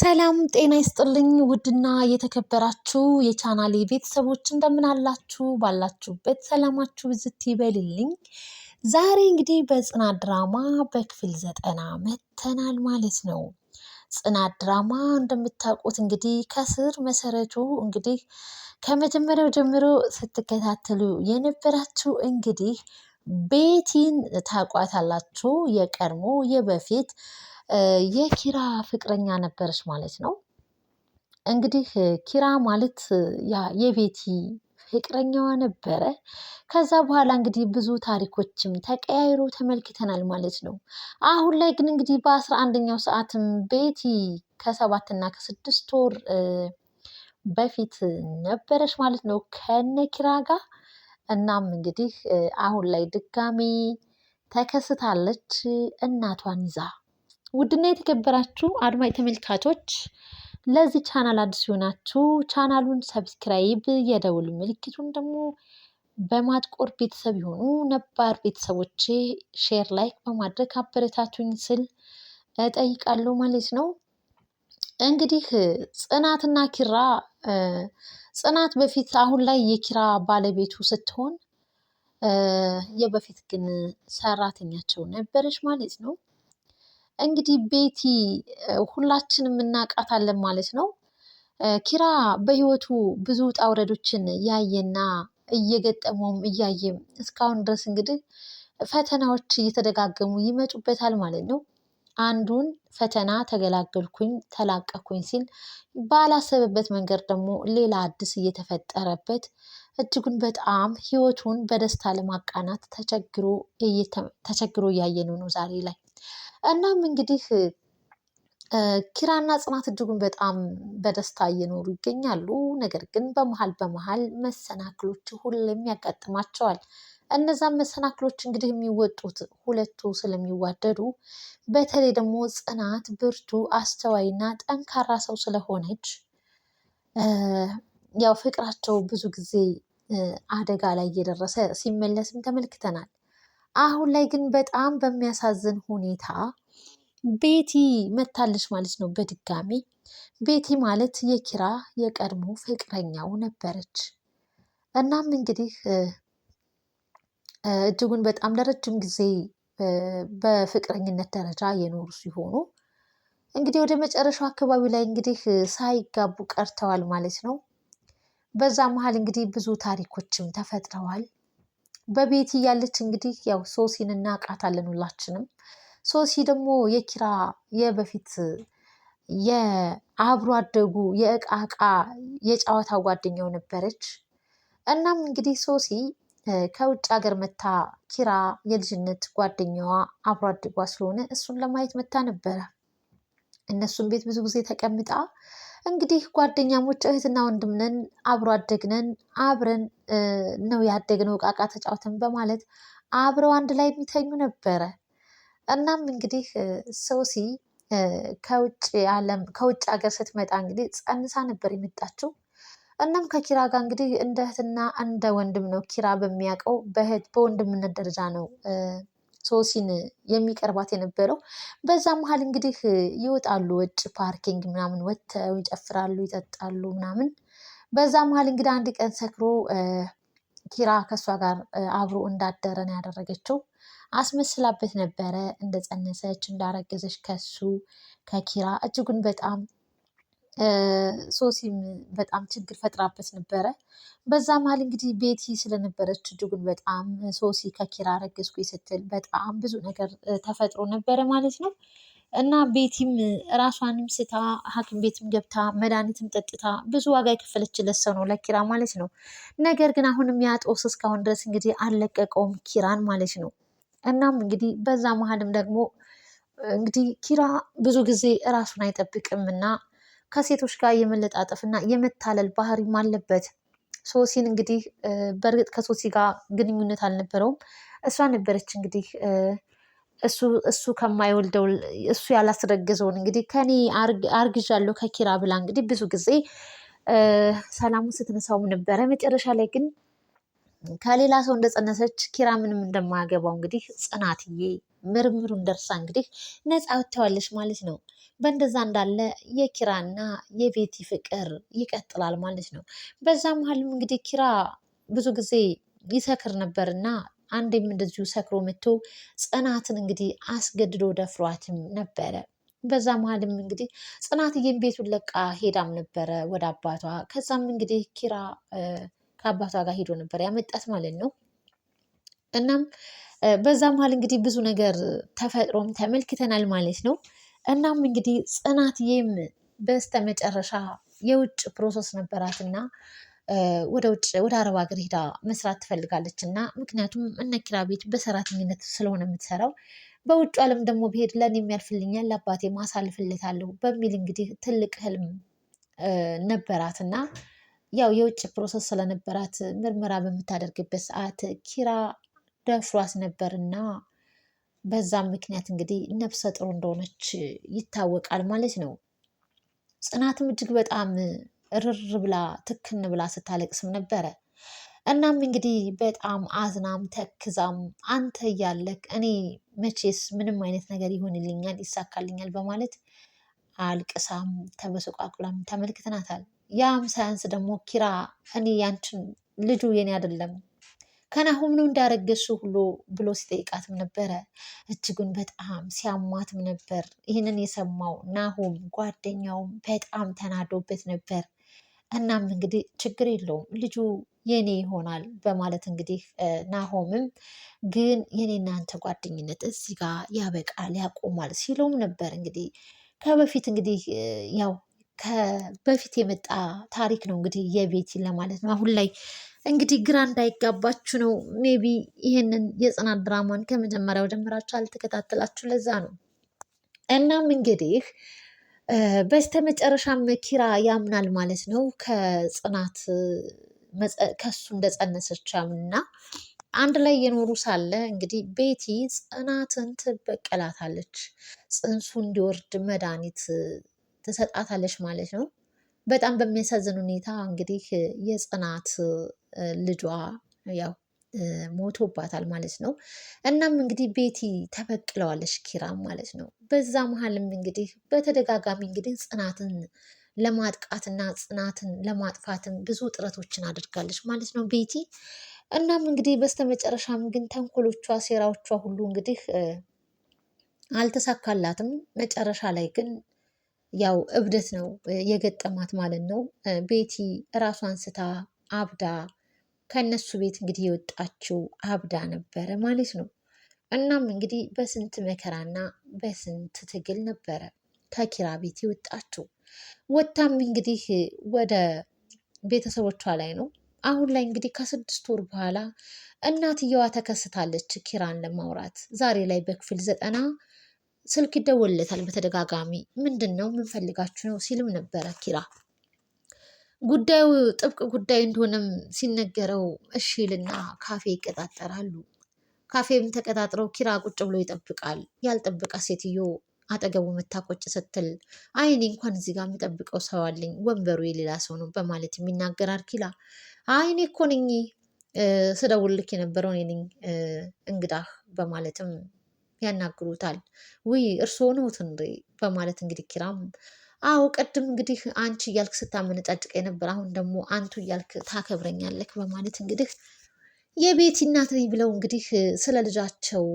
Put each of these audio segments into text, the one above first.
ሰላም ጤና ይስጥልኝ። ውድና የተከበራችሁ የቻናሌ ቤተሰቦች እንደምን አላችሁ? ባላችሁበት ሰላማችሁ ብዝት ይበልልኝ። ዛሬ እንግዲህ በጽናት ድራማ በክፍል ዘጠና መተናል ማለት ነው። ጽናት ድራማ እንደምታውቁት እንግዲህ ከስር መሰረቱ እንግዲህ ከመጀመሪያው ጀምሮ ስትከታተሉ የነበራችሁ እንግዲህ ቤቲን ታውቋታላችሁ። የቀድሞ የበፊት የኪራ ፍቅረኛ ነበረች ማለት ነው። እንግዲህ ኪራ ማለት የቤቲ ፍቅረኛዋ ነበረ። ከዛ በኋላ እንግዲህ ብዙ ታሪኮችም ተቀያይሮ ተመልክተናል ማለት ነው። አሁን ላይ ግን እንግዲህ በአስራ አንደኛው ሰዓትም ቤቲ ከሰባት እና ከስድስት ወር በፊት ነበረች ማለት ነው ከነ ኪራ ጋር። እናም እንግዲህ አሁን ላይ ድጋሜ ተከስታለች እናቷን ይዛ ውድና የተከበራችሁ አድማጭ ተመልካቾች ለዚህ ቻናል አዲስ ሲሆናችሁ ቻናሉን ሰብስክራይብ፣ የደውል ምልክቱን ደግሞ በማጥቆር ቤተሰብ የሆኑ ነባር ቤተሰቦቼ ሼር ላይክ በማድረግ አበረታቱኝ ስል እጠይቃለሁ ማለት ነው። እንግዲህ ጽናትና ኪራ ጽናት በፊት አሁን ላይ የኪራ ባለቤቱ ስትሆን የበፊት ግን ሰራተኛቸው ነበረች ማለት ነው። እንግዲህ ቤቲ ሁላችንም እናውቃታለን ማለት ነው። ኪራ በህይወቱ ብዙ ውጣ ውረዶችን ያየና እየገጠመውም እያየም እስካሁን ድረስ እንግዲህ ፈተናዎች እየተደጋገሙ ይመጡበታል ማለት ነው። አንዱን ፈተና ተገላገልኩኝ ተላቀኩኝ ሲል ባላሰበበት መንገድ ደግሞ ሌላ አዲስ እየተፈጠረበት እጅጉን በጣም ህይወቱን በደስታ ለማቃናት ተቸግሮ እያየነው ነው ዛሬ ላይ። እናም እንግዲህ ኪራና ጽናት እጅጉን በጣም በደስታ እየኖሩ ይገኛሉ። ነገር ግን በመሀል በመሀል መሰናክሎች ሁሌም ያጋጥማቸዋል። እነዛም መሰናክሎች እንግዲህ የሚወጡት ሁለቱ ስለሚዋደዱ፣ በተለይ ደግሞ ጽናት ብርቱ አስተዋይና ጠንካራ ሰው ስለሆነች ያው ፍቅራቸው ብዙ ጊዜ አደጋ ላይ እየደረሰ ሲመለስም ተመልክተናል። አሁን ላይ ግን በጣም በሚያሳዝን ሁኔታ ቤቲ መታለች ማለት ነው። በድጋሚ ቤቲ ማለት የኪራ የቀድሞ ፍቅረኛው ነበረች። እናም እንግዲህ እጅጉን በጣም ለረጅም ጊዜ በፍቅረኝነት ደረጃ የኖሩ ሲሆኑ እንግዲህ ወደ መጨረሻው አካባቢ ላይ እንግዲህ ሳይጋቡ ቀርተዋል ማለት ነው። በዛ መሀል እንግዲህ ብዙ ታሪኮችም ተፈጥረዋል። በቤት እያለች እንግዲህ ያው ሶሲን እናውቃታለን ሁላችንም። ሶሲ ደግሞ የኪራ የበፊት የአብሮ አደጉ የእቃቃ የጨዋታ ጓደኛው ነበረች። እናም እንግዲህ ሶሲ ከውጭ ሀገር መታ ኪራ የልጅነት ጓደኛዋ አብሮ አደጓ ስለሆነ እሱን ለማየት መታ ነበረ። እነሱን ቤት ብዙ ጊዜ ተቀምጣ እንግዲህ ጓደኛሞች እህትና ወንድምነን አብሮ አደግነን አብረን ነው ያደግነው ቃቃ ተጫውተን በማለት አብረው አንድ ላይ የሚተኙ ነበረ። እናም እንግዲህ ሶሲ ከውጭ ዓለም ከውጭ ሀገር ስትመጣ እንግዲህ ጸንሳ ነበር የመጣችው። እናም ከኪራ ጋር እንግዲህ እንደ እህትና እንደ ወንድም ነው ኪራ በሚያውቀው በእህት በወንድምነት ደረጃ ነው ሶሲን የሚቀርባት የነበረው። በዛ መሀል እንግዲህ ይወጣሉ ውጭ ፓርኪንግ ምናምን ወጥተው ይጨፍራሉ፣ ይጠጣሉ ምናምን። በዛ መሀል እንግዲህ አንድ ቀን ሰክሮ ኪራ ከእሷ ጋር አብሮ እንዳደረ ያደረገችው። አስመስላበት ነበረ እንደጸነሰች እንዳረገዘች ከሱ ከኪራ እጅጉን በጣም ሶሲም በጣም ችግር ፈጥራበት ነበረ። በዛ መሀል እንግዲህ ቤቲ ስለነበረች እጅጉን በጣም ሶሲ ከኪራ ረገዝኩ ስትል በጣም ብዙ ነገር ተፈጥሮ ነበረ ማለት ነው። እና ቤቲም ራሷንም ስታ ሐኪም ቤትም ገብታ መድኃኒትም ጠጥታ ብዙ ዋጋ የከፈለችለት ሰው ነው ለኪራ ማለት ነው። ነገር ግን አሁንም ያጦስ እስካሁን ድረስ እንግዲህ አልለቀቀውም ኪራን ማለት ነው። እናም እንግዲህ በዛ መሀልም ደግሞ እንግዲህ ኪራ ብዙ ጊዜ ራሱን አይጠብቅም እና ከሴቶች ጋር የመለጣጠፍ እና የመታለል ባህሪም አለበት። ሶሲን እንግዲህ በእርግጥ ከሶሲ ጋር ግንኙነት አልነበረውም። እሷ ነበረች እንግዲህ እሱ እሱ ከማይወልደው እሱ ያላስረገዘውን እንግዲህ ከኔ አርግዣለሁ ከኪራ ብላ እንግዲህ ብዙ ጊዜ ሰላሙን ስትነሳውም ነበረ። መጨረሻ ላይ ግን ከሌላ ሰው እንደጸነሰች ኪራ ምንም እንደማያገባው እንግዲህ ጽናትዬ ምርምሩን ደርሳ እንግዲህ ነፃ ወጥተዋለች ማለት ነው። በእንደዛ እንዳለ የኪራና የቤቲ ፍቅር ይቀጥላል ማለት ነው። በዛ መሀልም እንግዲህ ኪራ ብዙ ጊዜ ይሰክር ነበርና አንዴም እንደዚሁ ሰክሮ መጥቶ ጽናትን እንግዲህ አስገድዶ ደፍሯትም ነበረ። በዛ መሀልም እንግዲህ ጽናትዬም ቤቱን ለቃ ሄዳም ነበረ ወደ አባቷ። ከዛም እንግዲህ ኪራ ከአባቷ ጋር ሄዶ ነበር ያመጣት ማለት ነው። እናም በዛ መሀል እንግዲህ ብዙ ነገር ተፈጥሮም ተመልክተናል ማለት ነው። እናም እንግዲህ ጽናትዬም በስተመጨረሻ የውጭ ፕሮሰስ ነበራት እና ወደ ውጭ ወደ አረብ ሀገር ሄዳ መስራት ትፈልጋለች እና ምክንያቱም እነ ኪራ ቤት በሰራተኝነት ስለሆነ የምትሰራው በውጭ ዓለም ደግሞ ብሄድ ለእኔም የሚያልፍልኛል ለአባቴ ማሳልፍለታለሁ በሚል እንግዲህ ትልቅ ህልም ነበራት እና ያው የውጭ ፕሮሰስ ስለነበራት ምርመራ በምታደርግበት ሰዓት ኪራ ደፍሯት ነበር እና በዛም ምክንያት እንግዲህ ነፍሰ ጥሩ እንደሆነች ይታወቃል ማለት ነው። ጽናትም እጅግ በጣም ርር ብላ ትክን ብላ ስታለቅስም ነበረ። እናም እንግዲህ በጣም አዝናም ተክዛም አንተ እያለክ እኔ መቼስ ምንም አይነት ነገር ይሆንልኛል፣ ይሳካልኛል በማለት አልቅሳም ተበሰቋቁላም ተመልክተናታል። ያም ሳያንስ ደግሞ ኪራ እኔ ያንችን ልጁ የኔ አይደለም ከናሁም ነው እንዳረገሱ ሁሉ ብሎ ሲጠይቃትም ነበረ። እጅጉን በጣም ሲያማትም ነበር። ይህንን የሰማው ናሁም ጓደኛውም በጣም ተናዶበት ነበር። እናም እንግዲህ ችግር የለውም ልጁ የኔ ይሆናል በማለት እንግዲህ ናሆምም ግን የኔ እናንተ ጓደኝነት እዚህ ጋር ያበቃል ያቆማል ሲለውም ነበር እንግዲህ ከበፊት እንግዲህ ያው በፊት የመጣ ታሪክ ነው እንግዲህ የቤቲ ለማለት ነው። አሁን ላይ እንግዲህ ግራ እንዳይጋባችሁ ነው። ሜቢ ይህንን የጽናት ድራማን ከመጀመሪያው ጀምራችሁ አልተከታተላችሁ ለዛ ነው። እናም እንግዲህ በስተመጨረሻም ኪራ ያምናል ማለት ነው ከጽናት ከሱ እንደጸነሰች ያምንና አንድ ላይ የኖሩ ሳለ እንግዲህ ቤቲ ጽናትን ትበቀላታለች። ጽንሱ እንዲወርድ መድኃኒት ትሰጣታለች ማለት ነው። በጣም በሚያሳዝን ሁኔታ እንግዲህ የጽናት ልጇ ያው ሞቶባታል ማለት ነው። እናም እንግዲህ ቤቲ ተበቅለዋለች ኪራም ማለት ነው። በዛ መሀልም እንግዲህ በተደጋጋሚ እንግዲህ ጽናትን ለማጥቃትና ጽናትን ለማጥፋትን ብዙ ጥረቶችን አድርጋለች ማለት ነው ቤቲ። እናም እንግዲህ በስተመጨረሻም ግን ተንኮሎቿ፣ ሴራዎቿ ሁሉ እንግዲህ አልተሳካላትም። መጨረሻ ላይ ግን ያው እብደት ነው የገጠማት ማለት ነው። ቤቲ እራሷን ስታ አብዳ ከነሱ ቤት እንግዲህ የወጣችው አብዳ ነበረ ማለት ነው። እናም እንግዲህ በስንት መከራና በስንት ትግል ነበረ ከኪራ ቤት የወጣችው። ወታም እንግዲህ ወደ ቤተሰቦቿ ላይ ነው። አሁን ላይ እንግዲህ ከስድስት ወር በኋላ እናትየዋ ተከስታለች ኪራን ለማውራት ዛሬ ላይ በክፍል ዘጠና ስልክ ይደወልለታል በተደጋጋሚ ምንድን ነው ምንፈልጋችሁ ነው ሲልም ነበረ ኪራ። ጉዳዩ ጥብቅ ጉዳይ እንደሆነም ሲነገረው እሺ ይልና ካፌ ይቀጣጠራሉ። ካፌም ተቀጣጥረው ኪራ ቁጭ ብሎ ይጠብቃል። ያልጠበቃ ሴትዮ አጠገቡ መታቆጭ ስትል አይኔ እንኳን እዚህ ጋር የሚጠብቀው ሰው አለኝ፣ ወንበሩ የሌላ ሰው ነው በማለት የሚናገራል ኪራ። አይኔ እኔ እኮ ነኝ ስደውልልክ የነበረው እኔ ነኝ እንግዳህ በማለትም ያናግሩታል። ውይ እርስዎ ነዎት እንዴ? በማለት እንግዲህ ኪራም አዎ ቅድም እንግዲህ አንቺ እያልክ ስታመነጫጭቅ የነበር አሁን ደግሞ አንቱ እያልክ ታከብረኛለክ በማለት እንግዲህ የቤቲ እናት ነኝ ብለው እንግዲህ ስለ ልጃቸው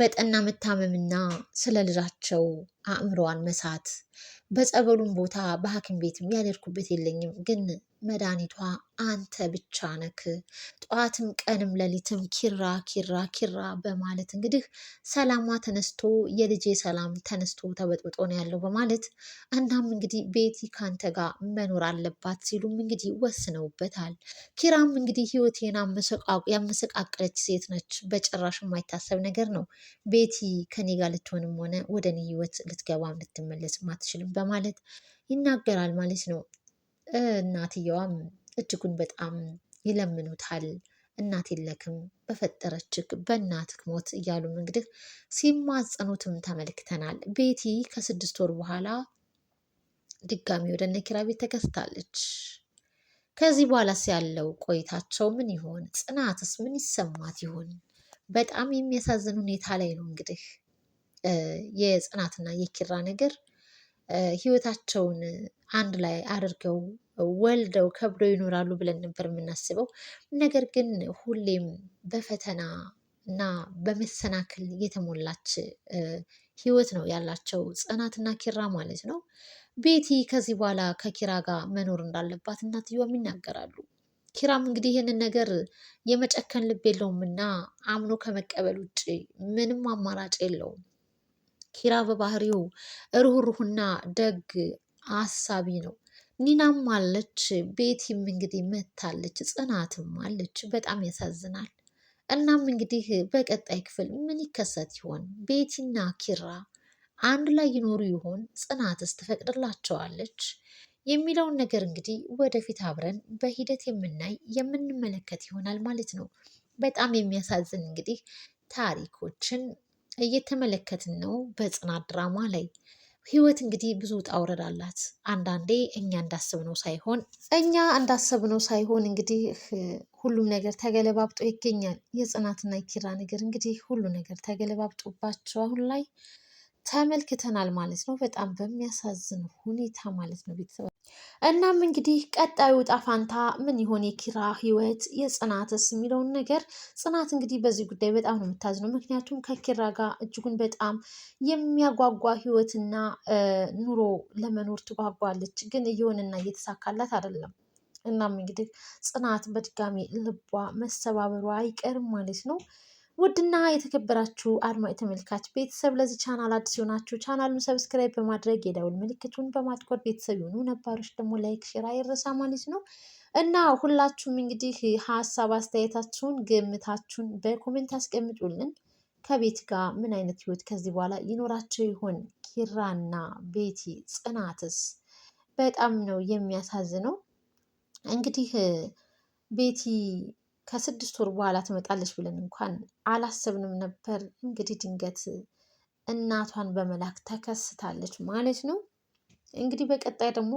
በጠና መታመምና ስለ ልጃቸው አእምሮዋን መሳት በጸበሉም ቦታ በሐኪም ቤትም ያደርኩበት የለኝም ግን መድኃኒቷ አንተ ብቻ ነክ። ጠዋትም ቀንም ሌሊትም ኪራ ኪራ ኪራ በማለት እንግዲህ ሰላሟ ተነስቶ የልጄ ሰላም ተነስቶ ተበጥብጦ ነው ያለው በማለት እናም እንግዲህ ቤቲ ካንተ ጋር መኖር አለባት ሲሉም እንግዲህ ወስነውበታል። ኪራም እንግዲህ ህይወቴን ያመሰቃቀለች ሴት ነች፣ በጭራሽ የማይታሰብ ነገር ነው። ቤቲ ከኔ ጋር ልትሆንም ሆነ ወደ እኔ ህይወት ልትገባም ልትመለስም አትችልም በማለት ይናገራል ማለት ነው። እናትየዋም እጅጉን በጣም ይለምኑታል። እናት የለክም በፈጠረችክ በእናትክ ሞት እያሉም እንግዲህ ሲማጸኑትም ተመልክተናል። ቤቲ ከስድስት ወር በኋላ ድጋሚ ወደ እነ ኪራ ቤት ተከስታለች። ከዚህ በኋላስ ያለው ቆይታቸው ምን ይሆን? ጽናትስ ምን ይሰማት ይሆን? በጣም የሚያሳዝን ሁኔታ ላይ ነው እንግዲህ የጽናትና የኪራ ነገር ህይወታቸውን አንድ ላይ አድርገው ወልደው ከብደው ይኖራሉ ብለን ነበር የምናስበው። ነገር ግን ሁሌም በፈተና እና በመሰናክል የተሞላች ህይወት ነው ያላቸው ጽናትና ኪራ ማለት ነው። ቤቲ ከዚህ በኋላ ከኪራ ጋር መኖር እንዳለባት እናትየዋም ይናገራሉ። ኪራም እንግዲህ ይህንን ነገር የመጨከን ልብ የለውም እና አምኖ ከመቀበል ውጭ ምንም አማራጭ የለውም። ኪራ በባህሪው እሩህሩህና ደግ አሳቢ ነው። ኒናም አለች፣ ቤቲም እንግዲህ መታለች፣ ጽናትም አለች። በጣም ያሳዝናል። እናም እንግዲህ በቀጣይ ክፍል ምን ይከሰት ይሆን? ቤቲና ኪራ አንድ ላይ ይኖሩ ይሆን? ጽናትስ ትፈቅድላቸዋለች? የሚለውን ነገር እንግዲህ ወደፊት አብረን በሂደት የምናይ የምንመለከት ይሆናል ማለት ነው። በጣም የሚያሳዝን እንግዲህ ታሪኮችን እየተመለከትን ነው በጽናት ድራማ ላይ። ህይወት እንግዲህ ብዙ ውጣ ውረድ አላት። አንዳንዴ እኛ እንዳሰብነው ሳይሆን እኛ እንዳሰብነው ሳይሆን እንግዲህ ሁሉም ነገር ተገለባብጦ ይገኛል። የጽናትና የኪራ ነገር እንግዲህ ሁሉ ነገር ተገለባብጦባቸው አሁን ላይ ተመልክተናል ማለት ነው። በጣም በሚያሳዝን ሁኔታ ማለት ነው ቤተሰብ። እናም እንግዲህ ቀጣዩ ዕጣ ፈንታ ምን ይሆን የኪራ ህይወት የጽናትስ የሚለውን ነገር ጽናት እንግዲህ በዚህ ጉዳይ በጣም ነው የምታዝነው። ምክንያቱም ከኪራ ጋር እጅጉን በጣም የሚያጓጓ ህይወትና ኑሮ ለመኖር ትጓጓለች፣ ግን እየሆነና እየተሳካላት አይደለም። እናም እንግዲህ ጽናት በድጋሚ ልቧ መሰባበሯ አይቀርም ማለት ነው። ውድና የተከበራችሁ አድማጭ ተመልካች ቤተሰብ ለዚህ ቻናል አዲስ የሆናችሁ ቻናሉን ሰብስክራይብ በማድረግ የደውል ምልክቱን በማጥቆር ቤተሰብ የሆኑ ነባሮች ደግሞ ላይክ፣ ሼር አይረሳ ማለት ነው እና ሁላችሁም እንግዲህ ሀሳብ አስተያየታችሁን፣ ግምታችሁን በኮሜንት አስቀምጡልን። ከቤት ጋር ምን አይነት ህይወት ከዚህ በኋላ ይኖራቸው ይሆን? ኪራና ቤቲ ጽናትስ በጣም ነው የሚያሳዝነው። እንግዲህ ቤቲ ከስድስት ወር በኋላ ትመጣለች ብለን እንኳን አላሰብንም ነበር። እንግዲህ ድንገት እናቷን በመላክ ተከስታለች ማለት ነው። እንግዲህ በቀጣይ ደግሞ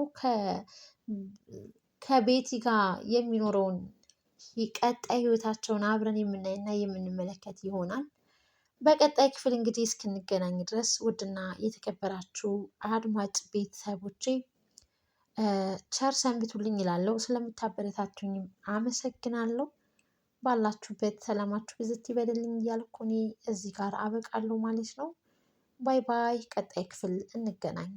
ከቤቲ ጋር የሚኖረውን ቀጣይ ህይወታቸውን አብረን የምናይና የምንመለከት ይሆናል። በቀጣይ ክፍል እንግዲህ እስክንገናኝ ድረስ ውድና የተከበራችሁ አድማጭ ቤተሰቦቼ ቸር ሰንብቱልኝ ይላለው ስለምታበረታቱኝም አመሰግናለሁ። ባላችሁበት ሰላማችሁ ብዝት ይበልልኝ እያልኩ እኔ እዚህ ጋር አበቃለሁ ማለት ነው። ባይ ባይ። ቀጣይ ክፍል እንገናኝ።